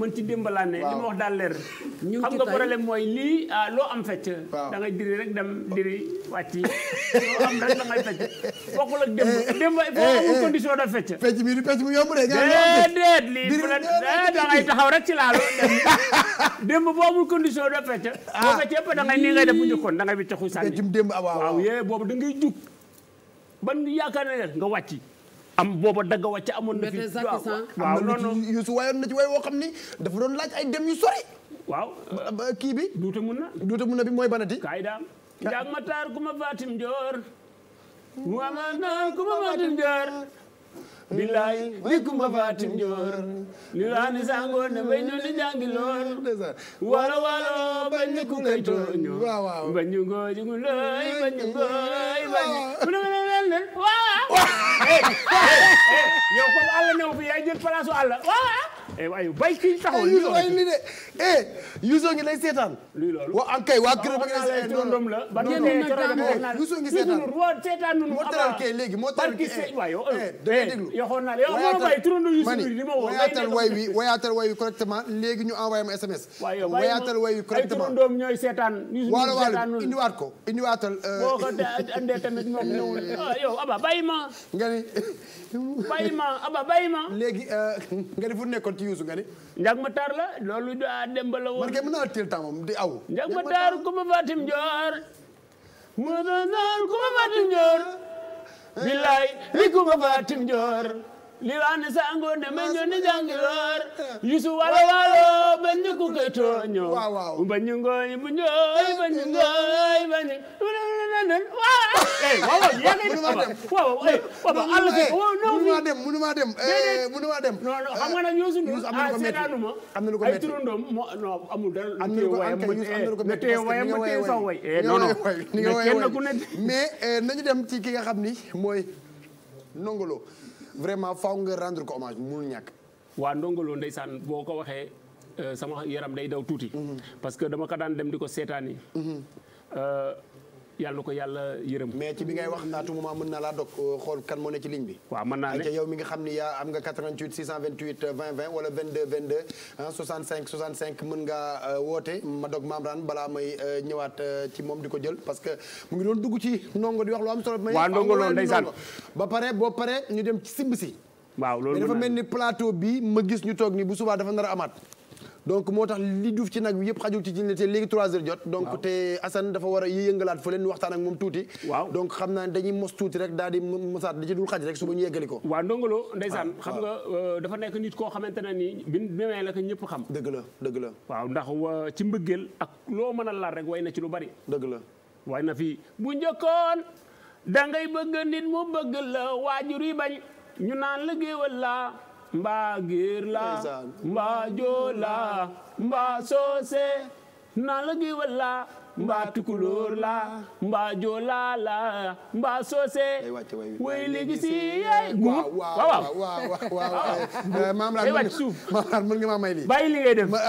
man ci démb laa ne. li ma wax daal leer. ñu xam nga problème mooy lii ah, loo am fecc. da ngay diri rek dem diri wàcc yi loo am rek da ngay fecc bokkul ak démb eh, démb eh, foo eh, condition bi du fecc bu de. taxaw rek ci laalo démb boo amul condition da fecc. Ah. boo feccee ba da ngay nii ngay de mu njëkkoon da ngay wiccaxu sànni. démb ah, waaw yee boobu da ngay jug ban yaakaar ne nga wàcc. am booba dagga wàcc amoon na fi waaw non Youssou wayoon na ci way woo xam ni dafa doon laaj ay dem yu sori waaw kii bi duuta mun na duuta mun na bi mooy banati kaay daam njaag ma taar ku ma faatim joor wama naar ku ma faatim joor billaay dikku ma faatim joor li laani sangoo ne bay ñu li jàngi loor walo walo bañ ñu ku kay tooñu bañ ñu ngooji gu looy bañ ñu ngooy bañ ñu ku ne waaw yow comme àll new fi yaay jël place su àll waaw Eh, ay bay kii taxaw lii la li de eh Youssou ngi lay seetaan. lii loolu wa an kay waa kër ba ngeen seetaan noonu la eh, ba ngeen ne keroog nag Youssou ngi seetaan moo seetaan noonu moo teral kay léegi moo teral kay déglu yow eh, xool naa la yow moo bay turando Youssou bi ni ma woo wayaatal way wi wayaatal way wi correctement léegi ñu envoyé ma SMS wayaatal way wi correctement ay turandoom ñooy seetaan wala wala indiwaat ko indiwaatal boo ko andee tamit ñoo ñëwul ah, yow aba bàyyi ma nga ni bàyyi ma aba bàyyi ma léegi nga ni fu nekkoon ci yuusu nga ni. njag ma taar la loolu daa dem ba la woon. man kay mën naa teel temps moom di aw. njag ma taar ku ma fatim joor. mën naa taar ku ma fatim joor. Eh. billaay li ku ma fatim joor. li waa ne sàngoo ne ma ñoo ni jàngi loor. Eh. yuusu wala walo ba ñu ko koy tooñoo. waaw waaw ba ñu ngooy bu ñooy ba ñu ngooy ba ñu. waaw. mënumaa oh, dem mënumaa dem mënumaa dem non non xam nga nag Youssou Ndour ah seetaanuma ay turandoom moo non amul dara am na lu ko metti téye wayam ma téye sa way eh, non non eh, dem ci ki nga xam ni mooy Ndongolo vraiment faaw nga rendre ko hommage mënul ñàkk waa Ndongolo ndeysaan boo ko waxee eh, sama yaram day daw tuuti mm-hmm. parce que dama ko daan dem di ko seetaani mm-hmm. euh, yàlla ko yàlla yërëm mais ci bi ngay wax naatu moment mën naa laa dog euh, xool kan moo ne ci ligne bi waaw mën naa ne yow mi nga xam ni yaa am nga 88 628 20 20 wala 22 22 65 65 mën nga euh, woote ma dog Mamran balaa may euh, ñëwaat ci moom di ko jël parce que mu ngi doon dugg ci ndongo di wax lu am solo waaw ndongo ba pare boo pare ñu dem simb si waaw loolu dafa mel ni plateau bi ma gis ñu toog ni bu subaa dafa nar a amaat donc moo tax li duuf ci nag bi yëpp xajul ci ci ne te léegi trois heures jot donc te Assane dafa war a yëngalaat fa leen waxtaan ak moom tuuti waaw donc xam naa dañuy mos tuuti rek daal di mosaat da ci dul xaj ko waaw ndongolo ndeysaan euh, dafa nekk nit koo xamante ne nii bi demee la ko ñëpp xam dëgg la dëgg la waaw ndax euh, ci mbëggeel ak loo mën a laal rek way na ci lu bari dëgg la way na fii bu njëkkoon da ngay bëgg nit mu bëgg la waajur yi bañ ñu naan liggéeyal laa mbaa giir la mbaa joola mbaa soose naa la gi walla mbaa tukulóor la mbaa joola la mbaa soose way léegi si yaay guub waaw waaw waaw eh, maam laa mën nga maa may lii bàyyi li ngay def